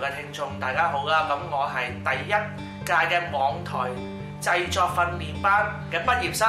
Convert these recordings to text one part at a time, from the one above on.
嘅聽眾大家好啊，咁我係第一屆嘅網台製作訓練班嘅畢業生，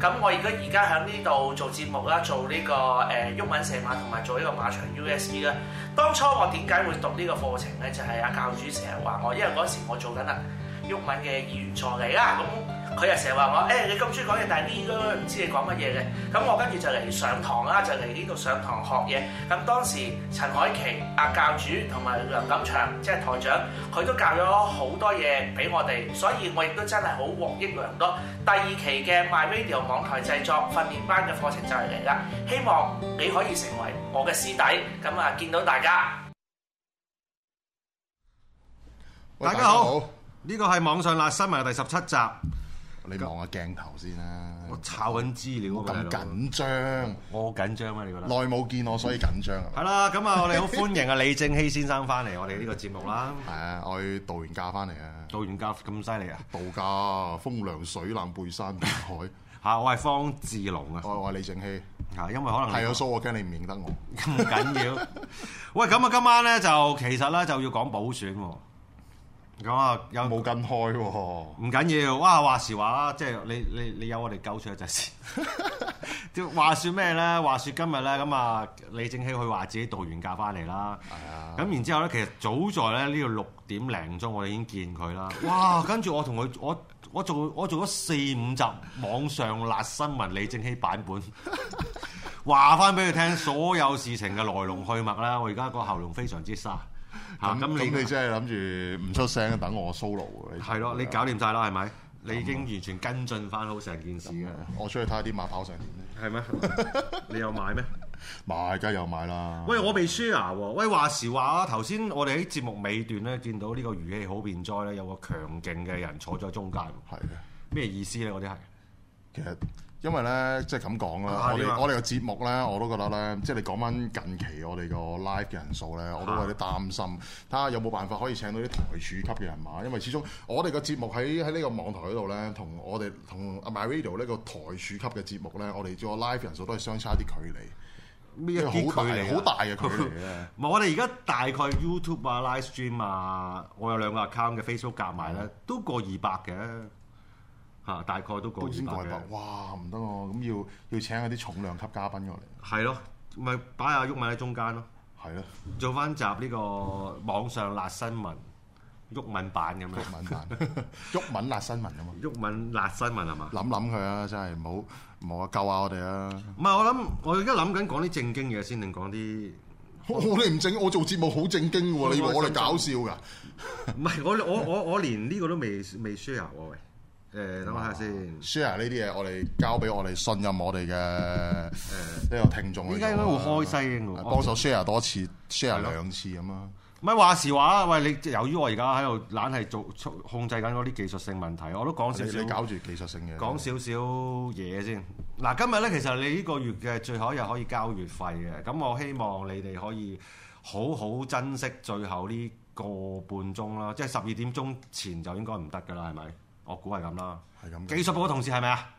咁我而家而家喺呢度做節目啦，做呢、這個誒毓、呃、民射馬同埋做呢個馬場 USB 啦。當初我點解會讀呢個課程呢？就係、是、阿教主成日話我，因為嗰時我做緊啊毓民嘅議員助理啦，咁、嗯。佢又成日話我，誒、欸、你咁鍾意講嘢，但係呢堆唔知你講乜嘢嘅。咁我跟住就嚟上堂啦，就嚟呢度上堂學嘢。咁當時陳海琪阿教主同埋梁錦祥即係台長，佢都教咗好多嘢俾我哋，所以我亦都真係好獲益良多。第二期嘅 My Radio 網台製作訓練班嘅課程就係嚟啦，希望你可以成為我嘅師弟。咁啊，見到大家，大家好，呢個係網上辣辛聞第十七集。你望下鏡頭先啦，啊！我抄緊資料，啊。咁緊張？我緊張咩？你覺得，耐冇見我，所以緊張係咪？係啦， 咁啊，我哋好歡迎啊李正熙先生翻嚟我哋呢個節目啦。係啊，我去度完假翻嚟啊。度完假咁犀利啊？度假風涼水冷背山背海。嚇！ 我係方志龍啊。我話李正熙。嚇！ 因為可能係啊，所以我驚你唔認得我。咁 緊要？喂，咁啊，今晚咧就其實咧就要講補選。咁啊，有冇跟開喎，喔？唔緊要，哇！話時話啦，即、就、係、是、你你你有我哋救出一陣先。就 話説咩咧？話説今日咧，咁啊，李政熙佢話自己度完假翻嚟啦。咁然之後咧，其實早在咧呢度六點零鐘，我哋已經見佢啦。哇！跟住我同佢，我我做我做咗四五集網上辣新聞李政熙版本，話翻俾佢聽所有事情嘅來龍去脈啦。我而家個喉嚨非常之沙。嚇！咁、啊、你咁真係諗住唔出聲等我 solo 嘅？係咯，你搞掂晒啦，係咪了？是是你已經完全跟進翻好成件事嘅。我出去睇下啲馬跑成點嗎？係咩 ？你有買咩？又買，梗係有買啦。喂，我未 share 喎。喂，話時話頭先，我哋喺節目尾段咧，見到呢個語氣好變哉咧，有個強勁嘅人坐咗中間。係嘅的。咩意思咧？嗰啲係其實。因為咧，即係咁講啦，我哋我哋個節目咧，我都覺得咧，即係你講翻近期我哋個 live 嘅人數咧，我都有啲擔心。睇下、啊、有冇辦法可以請到啲台柱級嘅人馬，因為始終我哋個節目喺喺呢個網台嗰度咧，同我哋同啊 MyRadio 呢個台柱級嘅節目咧，我哋做個 live 人數都係相差啲距離，呢啲距離好大嘅距離咧、啊。唔係 我哋而家大概 YouTube 啊、Live Stream 啊，我有兩個 account 嘅 Facebook 夾埋咧，都過二百嘅。吓，大概都講完啦。哇，唔得喎，咁要要請嗰啲重量級嘉賓過嚟。係咯，咪擺下毓民喺中間咯。係咯的，做翻集呢個網上辣新聞毓民版咁樣。毓民版，毓民 辣新聞啊嘛。毓民辣新聞係嘛？諗諗佢啊，真係唔好唔好啊，救下我哋啊！唔係我諗，我而家諗緊講啲正經嘢先，定講啲我我哋唔正，我做節目好正經嘅喎，有有你以為我哋搞笑㗎？唔 係我我我我連呢個都未未 share 誒、欸，等下先。share 呢啲嘢，我哋交俾我哋信任我哋嘅呢個聽眾。點解應該會開西嘅？對幫手 share 多次、嗯、，share 兩次咁咯。唔係吧樣話事話啦，喂，你，由於我而家喺度懶係做控制緊嗰啲技術性問題，我都講少少。你搞住技術性嘅。講少少嘢先。嗱、啊，今日咧，其實你呢個月嘅最後一日可以交月費嘅。咁我希望你哋可以好好珍惜最後呢個半鐘啦，即係十二點鐘前就應該唔得噶啦，係咪？我估係咁啦，係咁。技術部嘅同事係咪啊？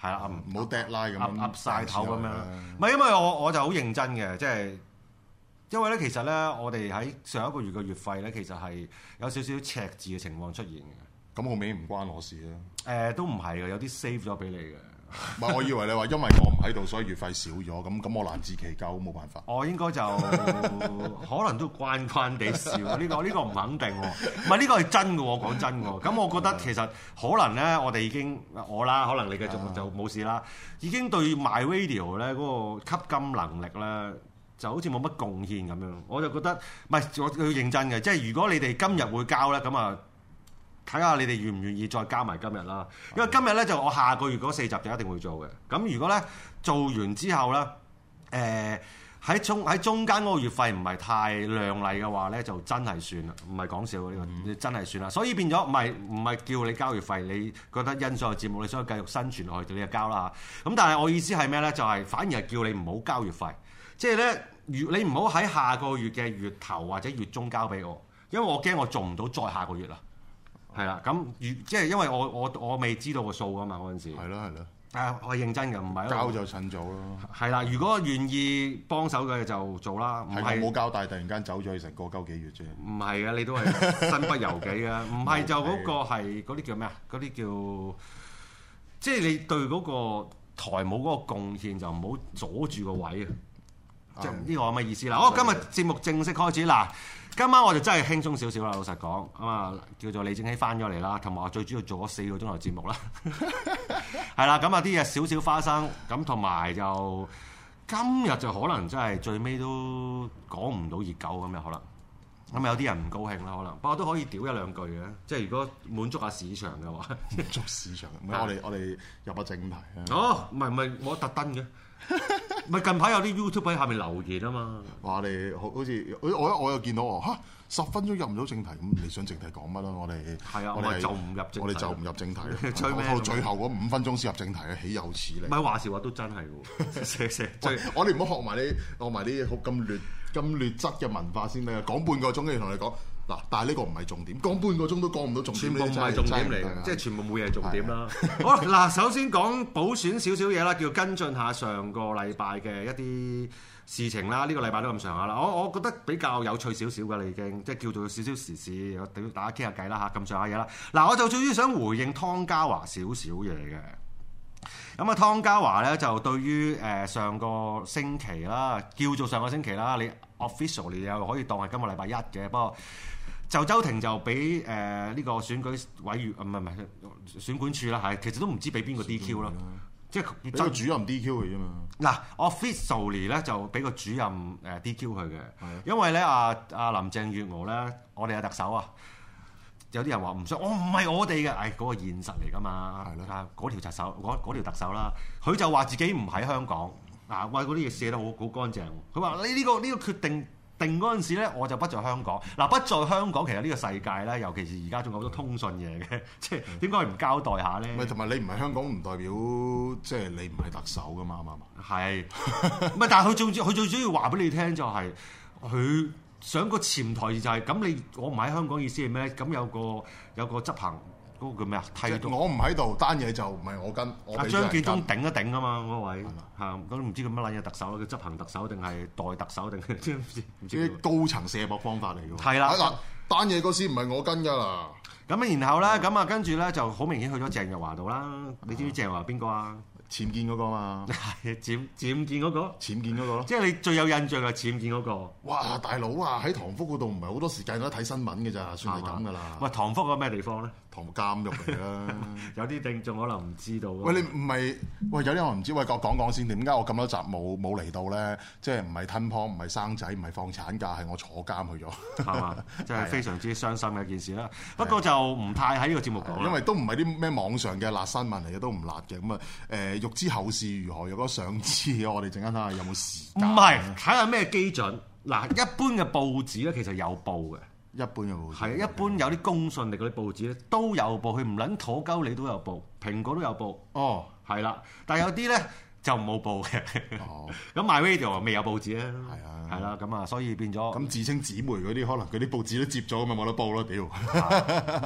係啦、嗯，唔好掟拉咁，壓壓曬頭咁樣。唔係說樣因為我我就好認真嘅，即、就、係、是、因為咧，其實咧，我哋喺上一個月嘅月費咧，其實係有少少赤字嘅情況出現嘅。咁我尾唔關我事啊？誒、呃，都唔係嘅，有啲 save 咗俾你嘅。唔係， 我以為你話因為我唔喺度，所以月費少咗，咁咁我難辭其咎，冇辦法。我應該就 可能都關關地笑呢個呢、呢個唔肯定喎。唔係呢個係真嘅，我講真嘅。咁 我覺得其實可能咧，我哋已經我啦，可能你繼續就冇事啦。已經對 My Radio 咧嗰個吸金能力咧，就好似冇乜貢獻咁樣。我就覺得唔係，我要認真嘅，即係如果你哋今日會交咧，咁啊。睇下你哋願唔願意再交埋今日啦，因為今日咧就我下個月嗰四集就一定會做嘅。咁如果咧做完之後咧，誒、呃、喺中喺中間嗰個月費唔係太靚麗嘅話咧，就真係算啦，唔係講笑嘅呢、這個，真係算啦。所以變咗唔係唔係叫你交月費，你覺得因素嘅節目你想繼續生存落去，你就交啦嚇。咁但係我意思係咩咧？就係、是、反而係叫你唔好交月費，即係咧月你唔好喺下個月嘅月頭或者月中交俾我，因為我驚我做唔到再下個月啦。係啦，咁即係因為我我我未知道個數啊嘛，嗰陣時係咯係咯，誒、啊、我係認真嘅，唔係交就趁早咯。係啦，如果願意幫手嘅就做啦，唔係冇交代突然間走咗去成個鳩幾個月啫。唔係啊，你都係身不由己啊，唔係 就嗰個係嗰啲叫咩啊？嗰啲叫即係、就是、你對嗰個台冇嗰個貢獻就唔好阻住個位啊！嗯、即係呢個咁嘅意思啦。好，今日節目正式開始嗱。今晚我就真係輕鬆少少啦，老實講，咁啊叫做李政熙翻咗嚟啦，同埋我最主要做咗四個鐘頭節目啦，係 啦，咁啊啲嘢少少花生，咁同埋就今日就可能真係最尾都講唔到熱狗咁樣可能，咁有啲人唔高興啦可能，不過都可以屌一兩句嘅，即係如果滿足下市場嘅話， 滿足市場，唔係我哋我哋入個正題，哦，唔係唔係我特登嘅。唔 係近排有啲 YouTube 喺下面留言啊嘛，話你好好似我我我又見到，嚇、啊、十分鐘入唔到正題咁、嗯，你想正題講乜啦？我哋係啊，我哋就唔入正題，我哋就唔入正題，到最後嗰五分鐘先入正題啊，豈有此理？唔係話時話都真係喎，成成 我哋唔好學埋啲學埋啲好咁劣咁劣質嘅文化先得啊，講半個鐘都要同你講。嗱，但係呢個唔係重點，講半個鐘都講唔到重點。全部唔係重點嚟㗎，是是即係全部冇嘢係重點啦。好啦，嗱，首先講補選少少嘢啦，叫跟進下上個禮拜嘅一啲事情啦。呢、呢個禮拜都咁上下啦，我我覺得比較有趣少少嘅，你已經即係叫做少少時事，大家傾下計啦嚇，咁上下嘢啦。嗱，我就終於想回應湯家驊少少嘢嘅。咁啊，湯家驊咧就對於誒上個星期啦，叫做上個星期啦，你 officially 又可以當係今日禮拜一嘅，不過。就周庭就俾誒呢個選舉委員啊，唔係唔係選管處啦，係其實都唔知俾邊個 DQ 咯，即係周主任 DQ 佢啊嘛。嗱，officially 咧就俾個主任誒 DQ 佢嘅，因為咧啊啊林鄭月娥咧，我哋係特首啊，有啲人話唔想，哦、我唔係我哋嘅，唉、哎、嗰、嗰個現實嚟噶嘛，的啊嗰條特首，嗰條特首啦，佢就話自己唔喺香港，嗱、啊，喂，嗰啲嘢卸得好好乾淨，佢話你呢、呢個呢、呢個決定。定嗰陣時咧，我就不在香港。嗱，不在香港，其實呢個世界咧，尤其是而家仲有好多通訊嘢嘅，即係點解唔交代下咧？唔係同埋你唔係香港，唔代表即係、就是、你唔係特首㗎嘛？係嘛嘛？唔係？但係佢最主，佢最主要話俾你聽就係、是，佢想個潛台詞就係、是、咁。你我唔喺香港，意思係咩？咁有個有個執行。嗰個叫咩啊？替即我唔喺度，單嘢就唔係我跟。阿張建宗頂一頂啊嘛！嗰位嚇，咁唔知佢乜撚嘢特首？佢執行特首定係代特首定？唔知唔知唔知啲高層卸膊方法嚟嘅喎。係啦，單嘢嗰時唔係我跟㗎啦。咁然後咧，咁啊，跟住咧就好明顯去咗鄭日華度啦。你知唔知鄭日華邊個啊？僭建嗰個嘛？僭僭建嗰個？僭建嗰個咯，即係你最有印象就僭建嗰個。哇！大佬啊，喺唐福嗰度唔係好多時間都睇新聞嘅咋，算係咁㗎啦。喂，唐福係咩地方咧？監獄嚟啦、 啊，有啲定，仲可能唔知道。喂，你唔係喂有啲我唔知，喂，我講講先。點解我咁多集冇冇嚟到咧？即係唔係吞泡，唔係生仔，唔係放產假，係我坐監去咗，係 嘛？真係非常之傷心嘅一件事啦。啊、不過就唔太喺呢個節目講、啊，因為都唔係啲咩網上嘅辣新聞嚟嘅，都唔辣嘅。咁啊誒，欲、呃、知後事如何，有嗰想知，我哋陣間睇下有冇時間、啊。唔係睇下咩基準嗱， 一般嘅報紙咧，其實有報嘅。一般，的一般有報紙，係一般有啲公信力嗰啲報紙咧都有報，佢唔撚妥鳩你都有報，蘋果都有報。哦，係啦，但係有啲咧 就冇報嘅。哦，咁 my radio 啊未有報紙啊。係啊的，係啦的，咁啊，所以變咗。咁自稱姊妹嗰啲，可能佢啲報紙都接咗，咪冇得報咯屌！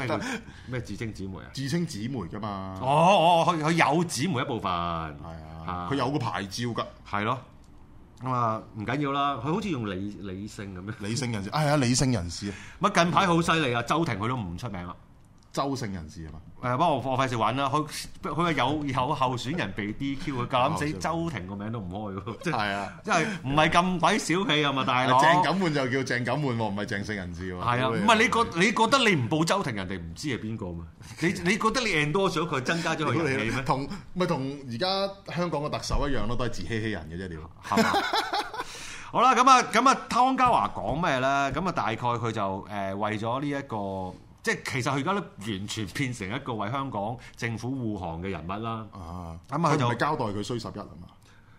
咩？咩自稱姊妹啊？自稱姊妹㗎嘛。哦哦，佢、哦、佢有姊妹一部分。係啊，佢有個牌照㗎。係咯。咁啊，唔緊要啦，佢好似用理理性咁樣， 理性人士，啊，係啊，理性人士，乜近排好犀利啊，周庭佢都唔出名啦。周姓人士啊嘛，誒不過我費事玩啦，佢佢話有有候選人被 DQ 啊，夠膽死周庭個名都唔開喎，即係啊，即係唔係咁鬼小氣啊嘛，但係，鄭錦滿就叫鄭錦滿喎，唔係鄭姓人士喎。係啊，唔係你覺你覺得你唔報周庭，人哋唔知係邊個嘛？你你覺得你贏多少佢增加咗佢嘅嘢咩？同咪同而家香港嘅特首一樣咯，都係自欺欺人嘅啫，點？好啦，咁啊，咁啊，湯家驊講咩咧？咁啊，大概佢就誒為咗呢一個。即係其實佢而家都完全變成一個為香港政府護航嘅人物啦。啊，咁啊，佢咪交代佢衰十一啊嘛？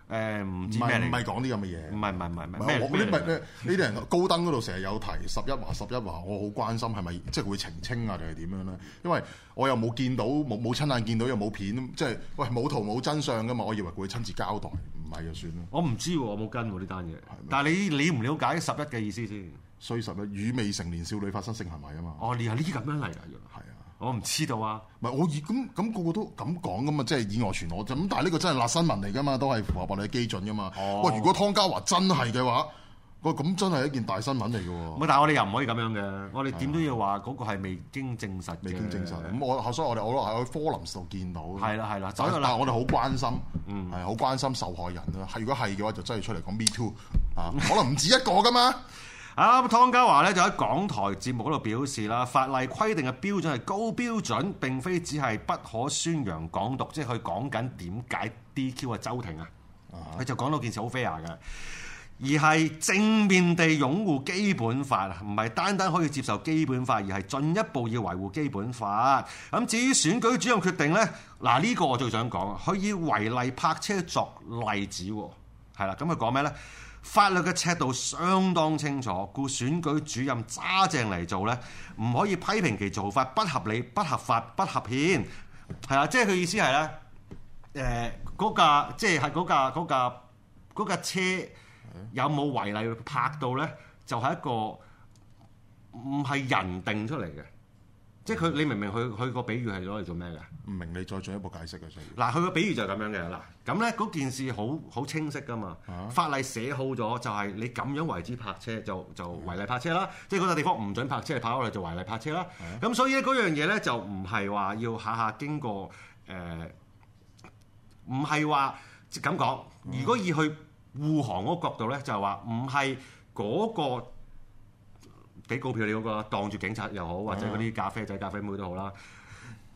誒，唔唔係講啲咁嘅嘢。唔係唔係唔係唔係，我呢啲人高登嗰度成日有提十一話十一話，我好關心係咪即係會澄清啊定係點樣咧？因為我又冇見到冇冇親眼見到又冇片，即係喂，冇圖冇真相噶嘛？我以為佢會親自交代，唔係就算啦。我唔知喎，我冇跟過呢單嘢。但係你了唔了解十一嘅意思先？衰實啦！與未成年少女發生性行為啊嘛！哦，你係呢啲咁樣嚟啊？係啊！我唔知道啊。唔係我咁咁個個都咁講噶嘛，即、就、係、是、以外傳我，咁。但係呢個真係辣新聞嚟噶嘛，都係符合我哋嘅基準噶嘛。哦！如果湯家驊真係嘅話，個咁真係一件大新聞嚟嘅喎。但係我哋又唔可以咁樣嘅。我哋點都要話嗰個係未、啊、未經證實，未經證實咁。我所以，我哋我喺科林斯度見到係啦係啦，但係我哋好關心，係好、嗯啊、關心受害人啊。係如果係嘅話，就真係出嚟講 me too 啊，可能唔止一個噶嘛。 啊！咁湯家驊咧就喺港台節目嗰度表示啦，法例規定嘅標準係高標準，並非只係不可宣揚港獨，即係佢講緊點解 DQ 啊周庭啊，佢就講到件事好 fair 嘅，而係正面地擁護基本法，唔係單單可以接受基本法，而係進一步要維護基本法。咁至於選舉主任決定呢，嗱、這、呢個我最想講，佢以違例泊車作例子喎，係啦，咁佢講咩呢？法律嘅尺度相當清楚，故選舉主任揸正嚟做呢，唔可以批評其做法不合理、不合法、不合憲。係啊，即係佢意思係呢，誒、呃、嗰架即係嗰架架架車有冇違例拍到呢？就係、是、一個唔係人定出嚟嘅。即係佢，你明明佢佢個比喻係攞嚟做咩嘅？唔明，你再進一步解釋嘅嗱，佢個比喻就係咁樣嘅。嗱，咁咧嗰件事好好清晰噶嘛。啊、法例寫好咗，就係、是、你咁樣為之泊車，就就違例泊車啦。嗯、即係嗰笪地方唔准泊車，泊咗嚟就違例泊車啦。咁、啊、所以咧嗰樣嘢咧就唔係話要下下經過誒，唔係話即係咁講。如果以去護航嗰個角度咧，就係話唔係嗰個。俾告票你嗰、那個，當住警察又好，或者嗰啲咖啡仔、咖啡妹都好啦，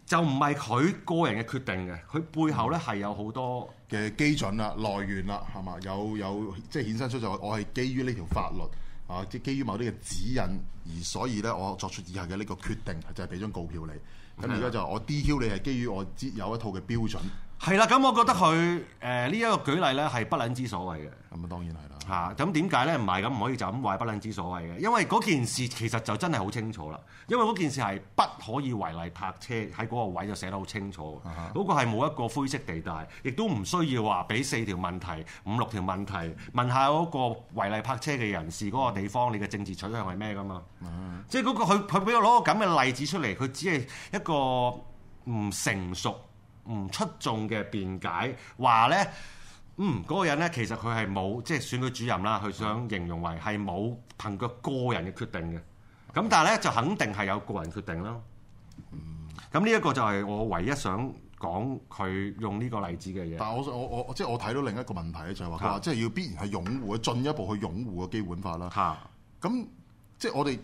就唔係佢個人嘅決定嘅，佢背後咧係有好多嘅基準啦、來源啦，係嘛？有有即係衍生出就我係基於呢條法律啊，基於某啲嘅指引而所以咧，我作出以下嘅呢個決定就係、是、俾張告票你。咁而家就我 DQ 你係基於我有一套嘅標準。係啦，咁我覺得佢誒呢一個舉例呢係不卵之所謂嘅。咁啊，當然係啦。嚇，咁點解呢？唔係咁唔可以就咁話係不卵之所謂嘅，因為嗰件事其實就真係好清楚啦。因為嗰件事係不可以違例泊車喺嗰個位就寫得好清楚，嗰、uh huh. 個係冇一個灰色地帶，亦都唔需要話俾四條問題、五六條問題問下嗰個違例泊車嘅人士嗰個地方，你嘅政治取向係咩㗎嘛？Uh huh. 即係、那、嗰個佢佢俾我攞個咁嘅例子出嚟，佢只係一個唔成熟。唔出眾嘅辯解，話咧，嗯，嗰個人咧其實佢係冇即係選舉主任啦，佢想形容為係冇憑佢個人嘅決定嘅，咁但係咧就肯定係有個人決定咯。咁呢一個就係我唯一想講佢用呢個例子嘅嘢。但係我我我即係我睇到另一個問題咧，就係話即係要必然係擁護進一步去擁護個基本法啦。嚇！咁即係我哋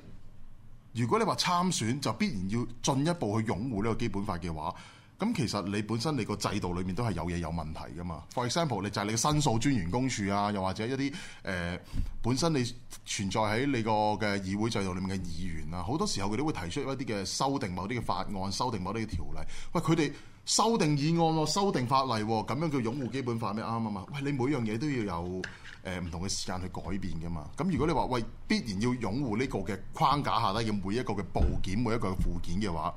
如果你話參選就必然要進一步去擁護呢個基本法嘅話。咁其實你本身你個制度裏面都係有嘢有問題噶嘛？For example，就你就係你嘅申訴專員公署啊，又或者一啲誒、呃、本身你存在喺你個嘅議會制度裏面嘅議員啊，好多時候佢哋會提出一啲嘅修訂某啲嘅法案、修訂某啲嘅條例。喂，佢哋修訂議案喎、修訂法例喎、啊，咁樣叫擁護基本法咩啱啊嘛？喂，你每樣嘢都要有誒唔、呃、同嘅時間去改變噶嘛？咁如果你話喂必然要擁護呢個嘅框架下咧要每一個嘅部件、每一個嘅附件嘅話，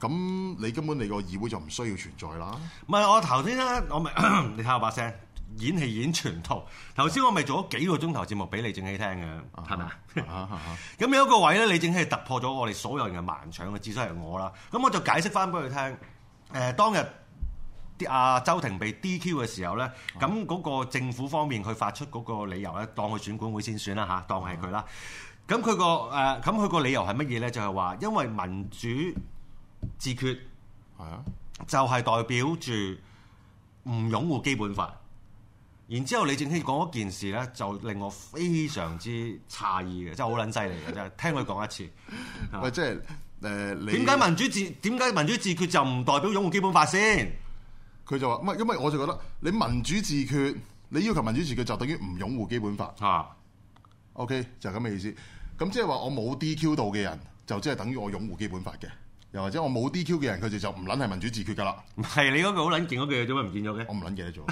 咁你根本你個議會就唔需要存在啦。唔係我頭先咧，我咪你睇我把聲演戲演全套。頭先我咪做咗幾個鐘頭節目俾李正熙聽嘅，係咪啊？咁有一個位咧，李正熙突破咗我哋所有人嘅盲腸，至少係我啦。咁我就解釋翻俾佢聽。誒、呃、當日啲阿、啊、周庭被 DQ 嘅時候咧，咁嗰、啊、個政府方面佢發出嗰個理由咧，當佢選管會先選啦吓，當係佢啦。咁佢個誒咁佢個理由係乜嘢咧？就係、是、話因為民主。自決係啊，就係代表住唔擁護基本法。然之後，李政熙講一件事咧，就令我非常之詫異嘅，即係好撚犀利嘅。真係 聽佢講一次，喂，即係誒點解民主自點解 民主自決就唔代表擁護基本法先？佢就話唔係，因為我就覺得你民主自決，你要求民主自決就等於唔擁護基本法啊。OK，就係咁嘅意思。咁即係話我冇 DQ 度嘅人，就即係等於我擁護基本法嘅。又或者我冇 DQ 嘅人，佢哋就唔撚係民主自決噶啦。係你嗰句好撚勁嗰句，做咩唔見咗嘅？我唔撚記得做。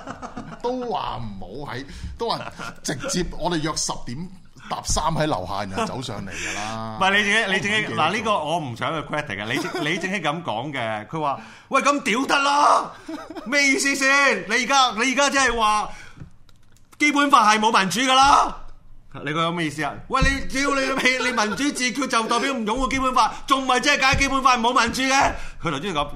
都話唔好喺， 都話直接我哋約十點搭三喺樓下，然後走上嚟噶啦。唔係 你正，你正係嗱呢個我唔想去 credit 嘅。你正，你正係咁講嘅，佢話： 喂咁屌得啦，咩意思先？你而家你而家即係話基本法係冇民主噶啦。你講有咩意思啊？喂，你只要你你民主自決就代表唔擁護基本法，仲唔係即係解基本法，冇民主嘅。佢頭先講，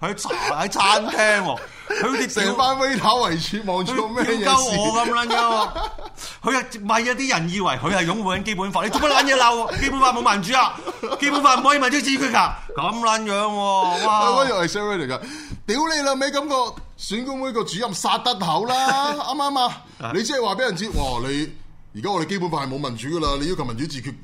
佢喺餐廳，佢哋成班威頭圍住，望住個咩嘢？我咁撚樣，佢係咪啊？啲人以為佢係擁護緊基本法，你做乜撚嘢鬧基本法冇民主啊！基本法唔可以民主自決噶。咁撚樣喎，哇！我又係 server 嚟噶，屌、那個、你老味！咁個選舉會個主任殺得口啦，啱啱啊？你即係話俾人知，你。而家我哋基本法係冇民主噶啦，你要求民主自決。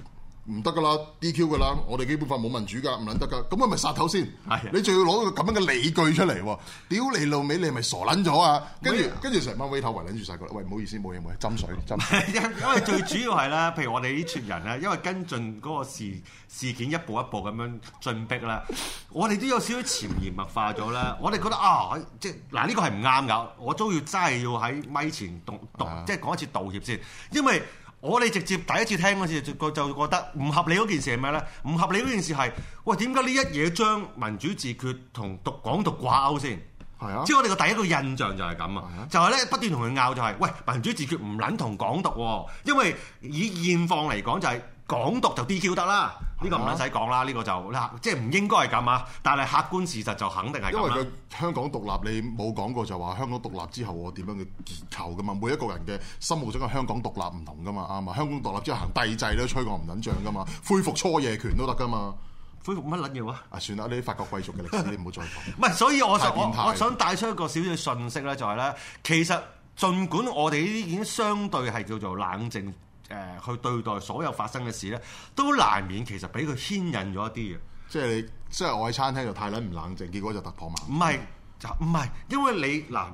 唔得噶啦，DQ 噶啦，我哋基本法冇民主噶，唔捻得噶，咁係咪殺頭先？是的 你仲要攞個咁樣嘅理據出嚟喎？屌你老味，你係咪傻撚咗啊？跟住跟住成班威頭圍捻住晒個，喂唔好意思，冇嘢冇嘢，斟水斟。因 因為最主要係啦，譬如我哋呢撮人咧，因為跟進嗰個事事件一步一步咁樣進逼啦，我哋都有少少潛移默化咗啦，我哋覺得啊，即係嗱呢個係唔啱噶，我都要真係要喺咪前道道，即係講一次道歉先，因為。我哋直接第一次聽嗰時就就覺得唔合理嗰件事係咩咧？唔合理嗰件事係，喂點解呢一嘢將民主自決同獨港獨掛鈎先？係啊，即係我哋嘅第一個印象就係咁啊，就係咧不斷同佢拗就係，喂民主自決唔撚同港獨喎，因為以現況嚟講就係港獨就 DQ 得啦。呢個唔使講啦，呢、呢個就啦，即係唔應該係咁啊！但係客觀事實就肯定係咁。因為佢香港獨立，你冇講過就話香港獨立之後我點樣嘅結構噶嘛？每一個人嘅心目中嘅香港獨立唔同噶嘛？啱嘛？香港獨立之後行帝制都吹我唔撚脹噶嘛？恢復初夜權都得噶嘛？恢復乜撚嘢話？啊，算啦，你啲法國貴族嘅歷史你唔好再講。唔係， 所以我就我，我想帶出一個少少信息咧，就係、係、咧，其實儘管我哋呢啲已經相對係叫做冷靜。誒去、呃、對待所有發生嘅事咧，都難免其實俾佢牽引咗一啲嘅。即係你即係我喺餐廳就太撚唔冷靜，結果就突破萬。唔係就唔係，因為你嗱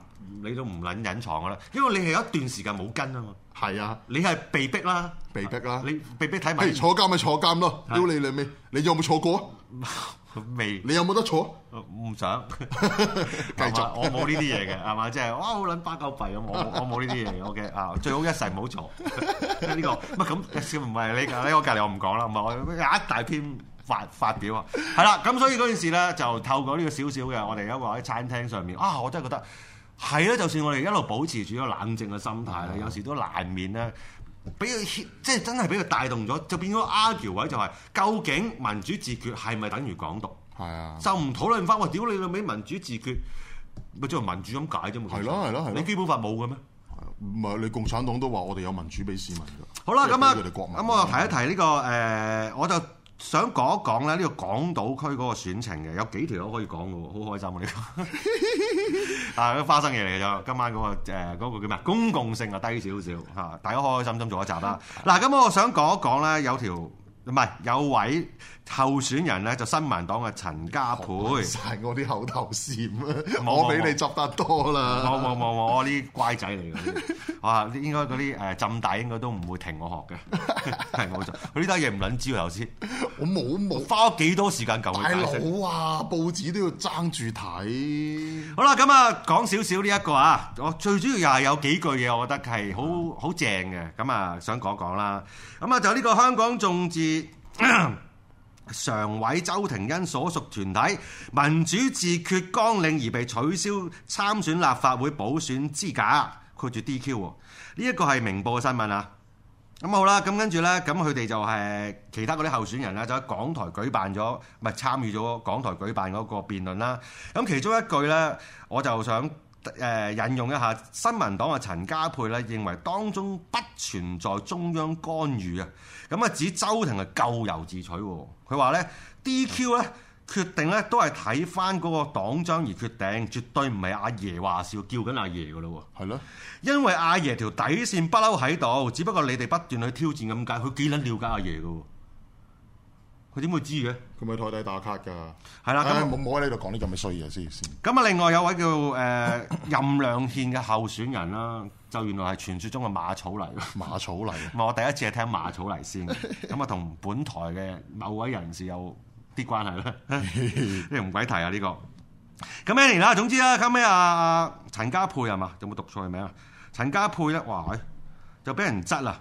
你都唔撚隱藏㗎啦，因為你係有一段時間冇跟啊嘛。係啊，你係被逼啦，被逼啦，你被逼睇埋。誒坐監咪坐監咯，屌你你咪，你有冇坐過啊？ 未？你有冇得坐？唔、嗯、想 繼續 我巴巴。我冇呢啲嘢嘅，係嘛？即係哇，好撚巴鳩閉咁，我冇，我冇呢啲嘢。OK 啊，最好一世唔好坐呢個。咁少唔係你，你我隔離我唔講啦。唔係我一一大篇發發表啊。係 啦，咁所以嗰件事咧，就透過呢個少少嘅，我哋一個喺餐廳上面啊，我真係覺得係啦。就算我哋一路保持住一個冷靜嘅心態，嗯、的有時都難免咧。俾佢即係真係俾佢帶動咗，就變咗 argue 位就係、是、究竟民主自決係咪等於港獨？係是啊，就唔討論返我屌你老味民主自決，咪即係民主咁解啫？嘛、啊？係啦係啦係你基本法冇嘅咩？唔係、啊、你共產黨都話我哋有民主俾市民㗎。好啦咁啊，咁我提一提呢、這個誒、呃，我就。想講一講咧，呢、這個港島區嗰個選情嘅有幾條都可以講嘅，好開心啊！呢、這個 啊花生嘢嚟嘅啫，今晚嗰、那個誒嗰個叫咩啊？公共性啊低少少嚇，大家開開心心做一集啦、啊。嗱、啊，咁我想講一講咧，有條，唔係，有位。候選人咧就新民黨嘅陳家培，曬我啲口頭禪啦，冇冇冇我比你作得多啦，冇冇冇冇， 我啲乖仔嚟嘅，哇！應該嗰啲誒浸大應該都唔會停我學嘅，係冇錯，佢呢單嘢唔卵知喎頭先，我冇冇花咗幾多時間教佢，大佬啊，報紙都要爭住睇。好啦，咁啊講少少呢一個啊，我最主要又係有幾句嘢，我覺得係好、嗯、好正嘅，咁啊想講講啦。咁啊就呢個香港眾志。常委周庭因所屬團體民主自決綱領而被取消參選立法會補選資格，括住 DQ 呢一個係明報嘅新聞啊。咁好啦，咁跟住呢，咁佢哋就係其他嗰啲候選人咧，就喺港台舉辦咗，咪參與咗港台舉辦嗰個辯論啦。咁其中一句呢，我就想。誒引用一下，新民黨嘅陳家珮咧認為當中不存在中央干預啊，咁啊指周庭係咎由自取，佢話咧 DQ 咧決定咧都係睇翻嗰個黨章而決定，絕對唔係阿爺話笑叫緊阿爺噶嘞喎。係咯，因為阿爺條底線不嬲喺度，只不過你哋不斷去挑戰咁解，佢幾撚了解阿爺噶喎。佢點會知嘅？佢咪台底打卡㗎？係啦，咁冇冇喺呢度講啲咁嘅衰嘢先。咁啊，另外有位叫誒、啊、任亮憲嘅候選人啦、啊，就原來係傳説中嘅馬草泥。馬草泥， 我第一次係聽馬草泥先、啊，咁啊同本台嘅某位人士有啲關係啦。呢個唔鬼提啊！呢、 啊呢個咁咩年啦？Many, 總之啦，後尾阿阿陳家珮係嘛？有冇讀錯名啊？陳家珮咧，哇！就俾人質啦。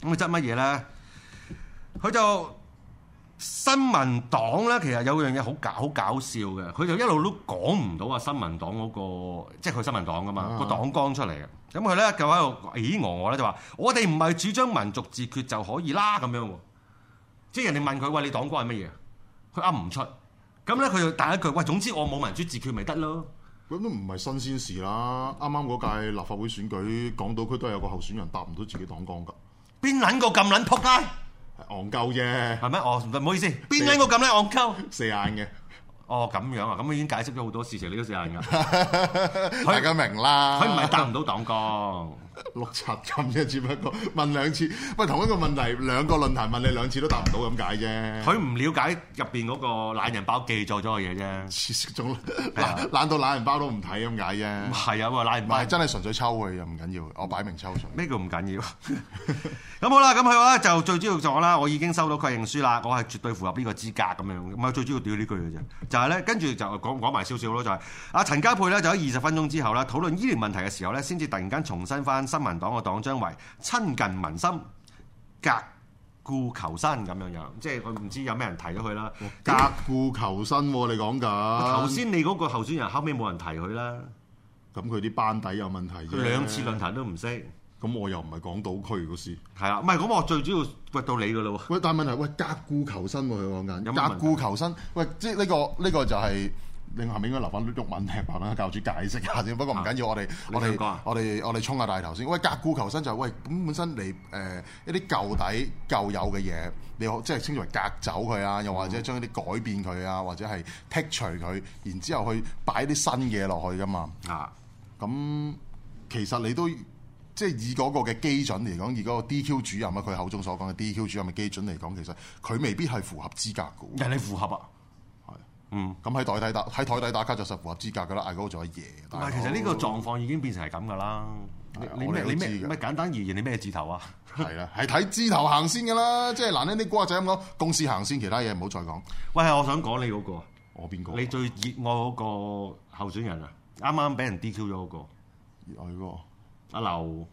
咁佢質乜嘢咧？佢就～新民黨咧，其實有樣嘢好搞，好搞笑嘅。佢就一路都講唔到啊！新民黨嗰、嗰個，即係佢新民黨噶嘛，嗯、個黨綱出嚟嘅。咁佢咧就喺度咦我，餓咧就話：我哋唔係主張民族自決就可以啦咁樣。即係人哋問佢喂，你黨綱係乜嘢？佢噏唔出。咁咧佢就第一句喂，總之我冇民主自決咪得咯。咁都唔係新鮮事啦。啱啱嗰屆立法會選舉，講到佢都係有個候選人答唔到自己黨綱噶。邊撚個咁撚撲街？戇鳩啫，係咩？哦，唔好意思，邊一個咁咧？戇鳩，四眼嘅，哦，咁樣啊，咁已經解釋咗好多事情，你都四眼㗎， 大家明啦，佢唔係答唔到黨綱。 六七咁啫，只不過問兩次，喂，同一個問題兩個論壇問你兩次都答唔到咁解啫。佢唔了解入邊嗰個懶人包記載咗嘅嘢啫，懶到懶人包都唔睇咁解啫。係啊，啊，懶人包唔係真係純粹抽佢又唔緊要，我擺明抽水。咩叫唔緊要？咁 好啦，咁佢話就最主要就我啦，我已經收到確認書啦，我係絕對符合呢個資格咁樣。唔係最主要屌呢句嘅啫，就係咧跟住就講講埋少少咯，就係、是、阿陳家珮咧，就喺二十分鐘之後咧討論醫療問題嘅時候咧，先至突然間重新翻。新民黨個黨章為親近民心，革故求新咁樣樣，即係我唔知有咩人提咗佢啦。革故求新，啊，你講噶？頭先你嗰個候選人，後尾冇人提佢啦。咁佢啲班底有問題。佢兩次論壇都唔識。咁我又唔係港島區嗰時。係啊，唔係咁我最主要喂到你噶啦。喂，但係、啊、問題喂革故求新，佢講緊。革故求新，喂，即係呢、呢個呢、呢個就係、是。你後面應該留翻啲鬱文嚟同阿教主解釋下先。不過唔緊要，我哋我哋我哋我哋衝下大頭先。喂，革故求新就係、是、喂咁本身你誒、呃、一啲舊底舊有嘅嘢，你可即係稱做為革走佢啊，又或者將一啲改變佢啊，或者係剔除佢，然之後去擺啲新嘢落去㗎嘛。啊，咁其實你都即係以嗰個嘅基準嚟講，以嗰個 DQ 主任啊，佢口中所講嘅 DQ 主任嘅基準嚟講，其實佢未必係符合資格嘅。但你符合啊！嗯，咁喺台底打喺台底打卡就實符合資格噶啦，嗌嗰個做阿爺。但係，其實呢個狀況已經變成係咁噶啦。你咩？你咩？咪簡單而言，你咩字頭啊？係 啦，係睇字頭行先噶啦，即係難聽啲瓜仔咁講，公司行先，其他嘢唔好再講。喂，我想講你嗰個，我邊個？你最熱愛嗰個候選人啊？啱啱俾人 DQ 咗嗰個熱愛嗰個阿劉。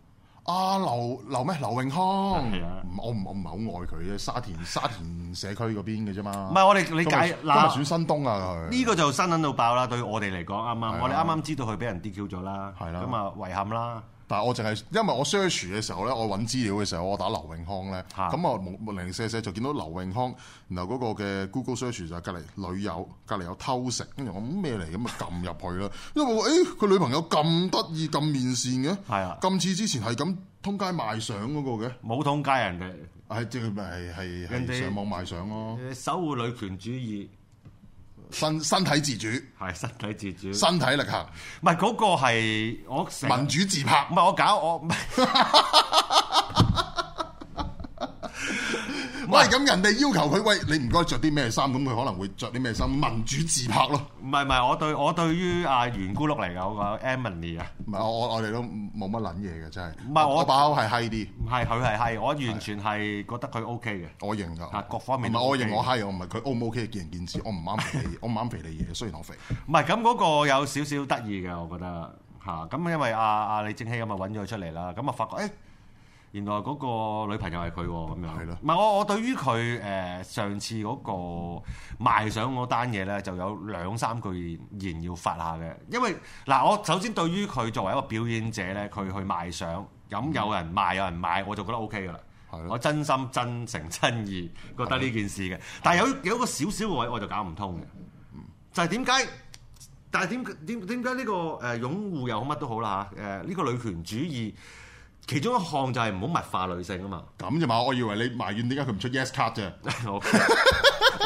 啊，劉劉咩？劉永康是的，我唔，我唔係好愛佢嘅，沙田沙田社區嗰邊嘅啫嘛。唔係，我哋理解。嗱，日選新東啊，佢呢那個就新緊到爆啦！對我哋嚟講，啱啱是的 我哋啱啱知道佢俾人 DQ 咗啦，咁啊是的 遺憾啦。但係我淨係，因為我 search 嘅時候咧，我揾資料嘅時候，我打劉永康咧，咁啊零零舍舍就見到劉永康，然後嗰個嘅 Google search 就係隔離女友，隔離有偷食，跟住我諗咩嚟？咁啊撳入去啦， 因為我誒佢、欸、女朋友咁得意咁面善嘅，咁似的之前係咁通街賣相嗰、那個嘅，冇通街人哋，係即係咪係係係上網賣相咯、啊，誒，守護女權主義。身身體自主係身體自主，身體，自主，身體力行，唔係嗰個係我民主自拍，唔係我搞我。 喂，咁人哋要求佢，喂，你唔該着啲咩衫，咁佢可能會着啲咩衫？民主自拍咯。唔係唔係，我對我對於阿圓咕碌嚟講嗰個 Emily 啊，唔係我我我哋都冇乜撚嘢嘅，真係。唔係我把口係閪啲。唔係佢係閪，我完全係覺得佢 OK 嘅。我認噶。嚇，各方面。唔係我認我閪，我唔係佢 O 唔 O K，見仁見智。我唔啱肥你，我唔啱肥你嘢。雖然我肥。唔係咁嗰個有少少得意嘅，我覺得嚇。咁因為阿阿李政熙咁啊揾咗佢出嚟啦，咁啊發覺誒。原來嗰個女朋友係佢喎，咁樣、嗯。係咯。唔係我我對於佢誒、呃、上次嗰個賣相嗰單嘢咧，就有兩三句言要發下嘅。因為嗱，我首先對於佢作為一個表演者咧，佢去賣相，咁有人賣有人賣，我就覺得 O K 嘅啦。係咯。我真心真誠真意覺得呢件事嘅，但係有有一個少少位我就搞唔通嘅，就係點解？但係點點點解呢個誒擁護又好乜都好啦，嚇，誒呢個女權主義？其中一項就係唔好物化女性啊嘛，咁啫嘛，我以為你埋怨點解佢唔出 Yes Card 啫，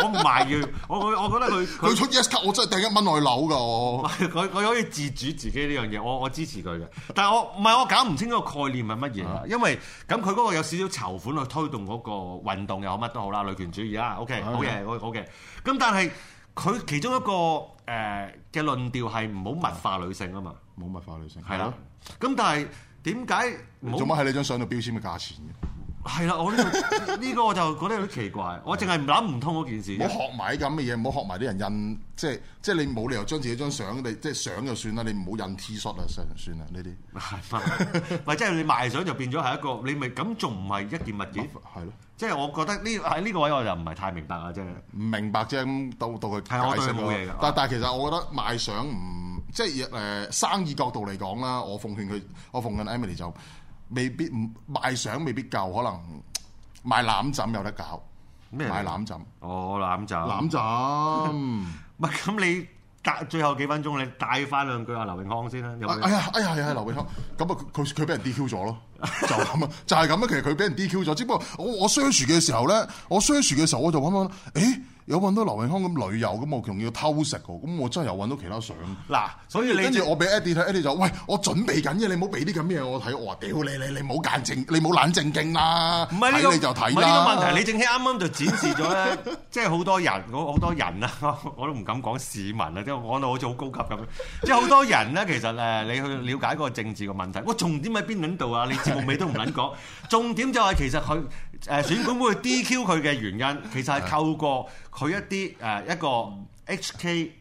我埋怨我我覺得佢佢出 Yes Card，我真係掟一蚊外樓噶 我，佢佢可以自主自己呢樣嘢，我我支持佢嘅，但係我唔係我搞唔清個概念係乜嘢，因為咁佢嗰個有少少籌款去推動嗰個運動又好乜都好啦，女權主義啊，OK 好嘅，好嘅，咁但係佢其中一個誒嘅、呃、論調係唔好物化女性啊嘛，冇物化女性係啦，咁但係。點解做乜喺你張相度標籤嘅價錢嘅？係啦，我呢個呢個我就覺得有啲奇怪，的我淨係諗唔通嗰件事。唔好學埋啲咁嘅嘢，唔好學埋啲人印，即係即係你冇理由將自己張相、即係，你即係相就算啦，你唔好印 T-shirt 啊，算啦呢啲。係，唔係即係你賣相就變咗係一個，你咪咁仲唔係一件物件？係咯對，即係我覺得呢喺呢個位我就唔係太明白啊，即係唔明白啫。咁到到佢睇下，喎。係，冇嘢㗎。但但其實我覺得賣相唔即係誒生意角度嚟講啦，我奉勸佢，我奉勸，勸 Emily 就。未必唔賣相未必夠，可能賣攬枕有得搞。咩麼？賣攬枕？哦，攬枕。攬枕。唔係咁，你隔最後幾分鐘你帶翻兩句阿劉永康先啦。有哎呀，哎呀，係係劉永康。咁啊， 佢佢俾人 DQ 咗咯。就咁啊， 就係咁啊。其實佢俾人 DQ 咗，只不過我我 search 嘅時候咧，我 search 嘅時候我就揾揾。誒、欸。有揾到劉永康咁旅遊咁，我仲要偷食喎，咁我真係又揾到其他相。嗱，所以你跟住我俾 Addie 睇，Addie 就，喂，我準備緊嘅，你唔好俾啲咁咩嘢我睇。我話屌你你你，唔好揀正，你冇好冷靜勁啦。睇你就睇唔係呢個問題，你政熙啱啱就展示咗咧，即係好多人，好好多人啊！我都唔敢講市民啊，即係講到好似好高級咁。即係好多人咧，其實誒，你去了解個政治個問題，我重點喺邊度啊？你節目尾都唔撚講。重點就係其實佢。誒選管會 DQ 佢嘅原因，其實係透過佢一啲誒 一個 HK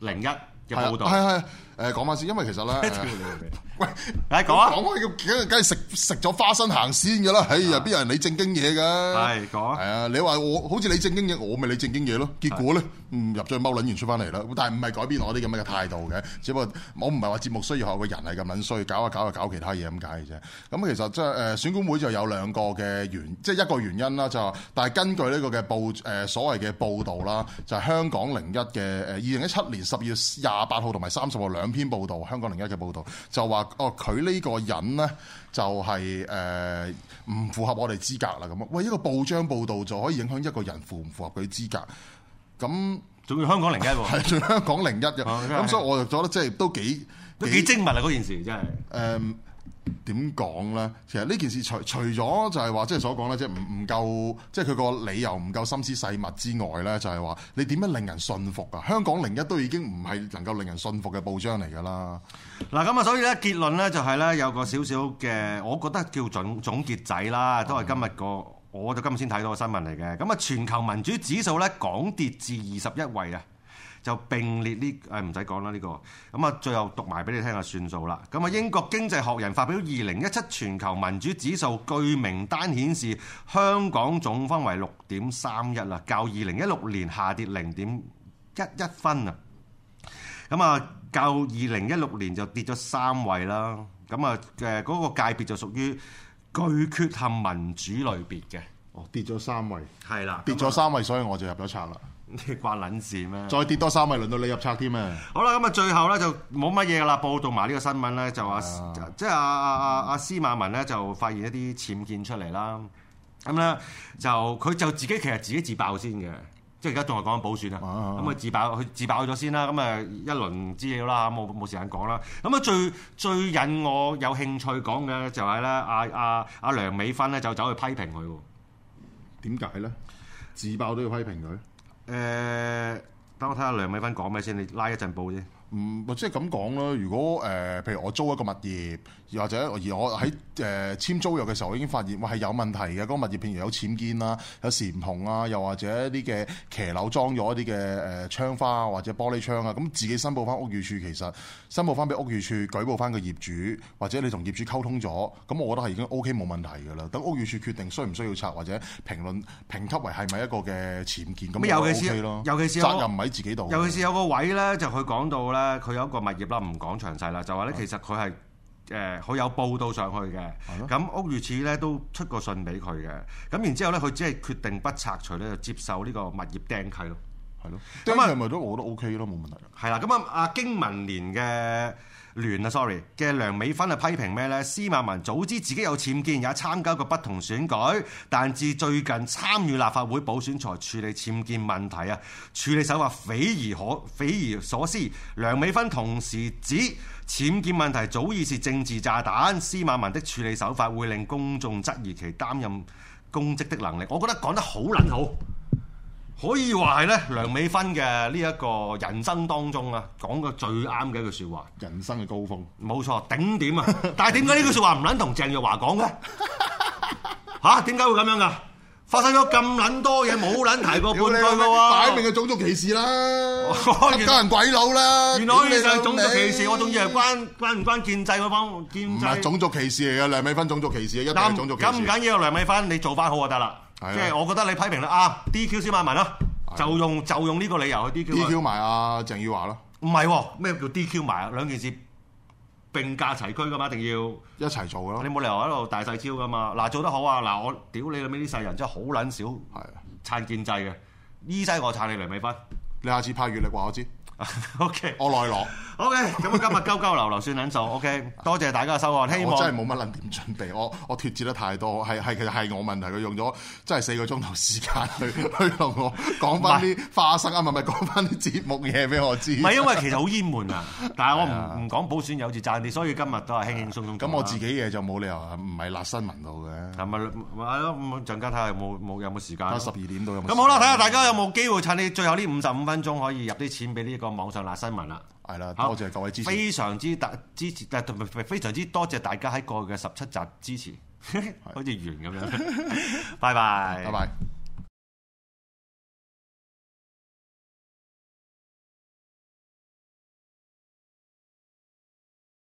零一嘅報導。係係誒講返先，因為其實咧。 事 喂，嚟講說啊！講開梗係食食咗花生行先噶啦。哎呀，邊有人理正經嘢噶？係講係啊，你話我，好似理正經嘢，我咪理正經嘢咯。結果咧，是的 嗯，入咗去踎撚完出翻嚟啦。但係唔係改變我啲咁嘅態度嘅，只不過我唔係話節目需要學個人係咁所以搞一搞就搞，搞其他嘢咁解嘅啫。咁其實即係誒，選管會就有兩個嘅原，即、就、係、是、一個原因啦，就係、是，但係根據呢個嘅報誒、呃，所謂嘅報道啦，就係、是、香港零一嘅誒，二零一七年十月廿八號同埋三十號兩篇報道，香港零一嘅報道就話。哦，佢呢個人咧就係誒唔符合我哋資格啦，咁啊，喂，一個報章報導就可以影響一個人符唔符合佢資格？咁仲要香港零一喎，係仲要香港零一嘅，咁、哦嗯、所以我又覺得即係都幾都幾精密啊，嗰件事真係誒。呃嗯點講呢？其實呢件事除除咗就係話，即係所講咧，即係唔唔夠，即係佢個理由唔夠心思細密之外呢，就係話你點樣令人信服啊？香港零一都已經唔係能夠令人信服嘅報章嚟㗎啦。嗱咁啊，所以呢，結論呢就係呢，有個少少嘅，我覺得叫總總結仔啦，都係今日個我就今日先睇到個新聞嚟嘅。咁啊，全球民主指數呢，港跌至二十一位啊！就並列呢，誒唔使講啦呢個。咁啊，最後讀埋俾你聽就算數啦。咁啊，英國經濟學人發表二零一七全球民主指數據名單顯示，香港總分為六點三一啊，較二零一六年下跌零點一一分啊。咁啊，較二零一六年就跌咗三位啦。咁啊，誒嗰個界別就屬於巨缺陷民主類別嘅。哦，跌咗三位，係啦，跌咗三位，嗯、所以我就入咗冊啦。你關撚事咩？再跌多三米輪到你入冊添啊！好啦，咁啊，最後咧就冇乜嘢噶啦，報道埋呢個新聞咧，就話、啊、即係阿阿阿阿司馬文咧就發現一啲僭建出嚟啦。咁咧就佢就自己其實自己自己自爆先嘅，即係而家仲係講緊補選啦。咁佢、啊、自爆佢自爆咗先啦。咁啊一輪資料啦，冇冇時間講啦。咁啊最最引我有興趣講嘅就係、是、咧，阿阿阿梁美芬咧就走去批評佢，點解咧自爆都要批評佢？誒，等、呃、我睇下梁美芬講咩先，你拉一陣布啫。嗯，或者係咁講啦。如果誒，譬如我租一個物業，或者而我喺誒簽租約嘅時候，我已經發現話係有問題嘅，嗰個物業譬如有僭建啦，有簷篷啊，又或者啲嘅騎樓裝咗一啲嘅誒窗花啊，或者玻璃窗啊，咁自己申報翻屋宇署，其實申報翻俾屋宇署，舉報翻個業主，或者你同業主溝通咗，咁我覺得係已經 O K 冇問題㗎啦。等屋宇署決定需唔需要拆或者評論評級為係咪一個嘅僭建咁，都 O K 咯。尤其是責任唔喺自己度。尤其是有個位咧，就佢講到啦。誒佢有一個物業啦，唔講詳細啦，就話咧其實佢係誒好有報道上去嘅，咁的屋宇署咧都出個信俾佢嘅，咁然之後咧佢只係決定不拆除咧，就接受呢個物業釘契咯，係咯，咁啊麼，係咪都我覺得 O K 咯，冇問題嘅，係啦，咁啊啊經文年嘅。亂啊！sorry 嘅梁美芬啊，批評咩呢？司馬文早知自己有僭建，也參加過不同選舉，但至最近參與立法會補選才處理僭建問題啊！處理手法匪夷可匪夷所思。梁美芬同時指僭建問題早已是政治炸彈，司馬文的處理手法會令公眾質疑其擔任公職的能力。我覺得講得好撚好。可以話係咧梁美芬嘅呢一個人生當中啊，講個最啱嘅一句説話，人生嘅高峰。冇錯，頂點啊！ 但係點解呢句説話唔撚同鄭若驊講嘅？吓、 啊？點解會咁樣噶、啊？發生咗咁撚多嘢，冇撚提過半句嘅喎，我擺明嘅種族歧視啦，一 家人鬼佬啦。 原來你就種族歧視，我仲以為關關唔關建制嗰方建制。唔係種族歧視嚟嘅，梁美芬種族歧視，一定係種族歧視。緊唔緊要梁美芬，你做翻好就得啦。 即係我覺得你批評啦，啊，DQ 先買埋啦，就用就用呢個理由去 DQ。DQ 埋阿、啊、鄭耀華咯、啊。唔係，咩叫 DQ 埋啊？兩件事並駕齊驅噶嘛，一定要一齊做咯。你冇理由喺度大細超噶嘛。嗱、啊、做得好啊，嗱、啊、我屌你咁啲細人真係好撚少，係撐建制嘅呢西我撐你梁美芬，你下次派月曆話我知。OK，我內羅，O K，咁啊今日鳩鳩流流算捻數，O K，多謝大家收看，希望真係冇乜捻點準備，我我脫節得太多，係係其實係我問題，佢用咗真係四個鐘頭時間去去同我講翻啲花生啊，咪咪講翻啲節目嘢俾我知，唔係因為其實好熱門啊，但係我唔唔講補選有住賺啲，所以今日都係輕輕鬆鬆。咁、啊、我自己嘢就冇理由唔係辣新聞度嘅，係咪係咯？咁陣間睇下有冇冇有冇時間，十二點到有冇？咁好啦，睇下大家有冇機會趁你最後呢五十五分鐘可以入啲錢俾呢、這個。網上辣新聞啦，係啦，多謝各位支持，非常之大支持，同非常之多謝大家喺過去嘅十七集支持，好似的完咁樣，拜拜，拜拜。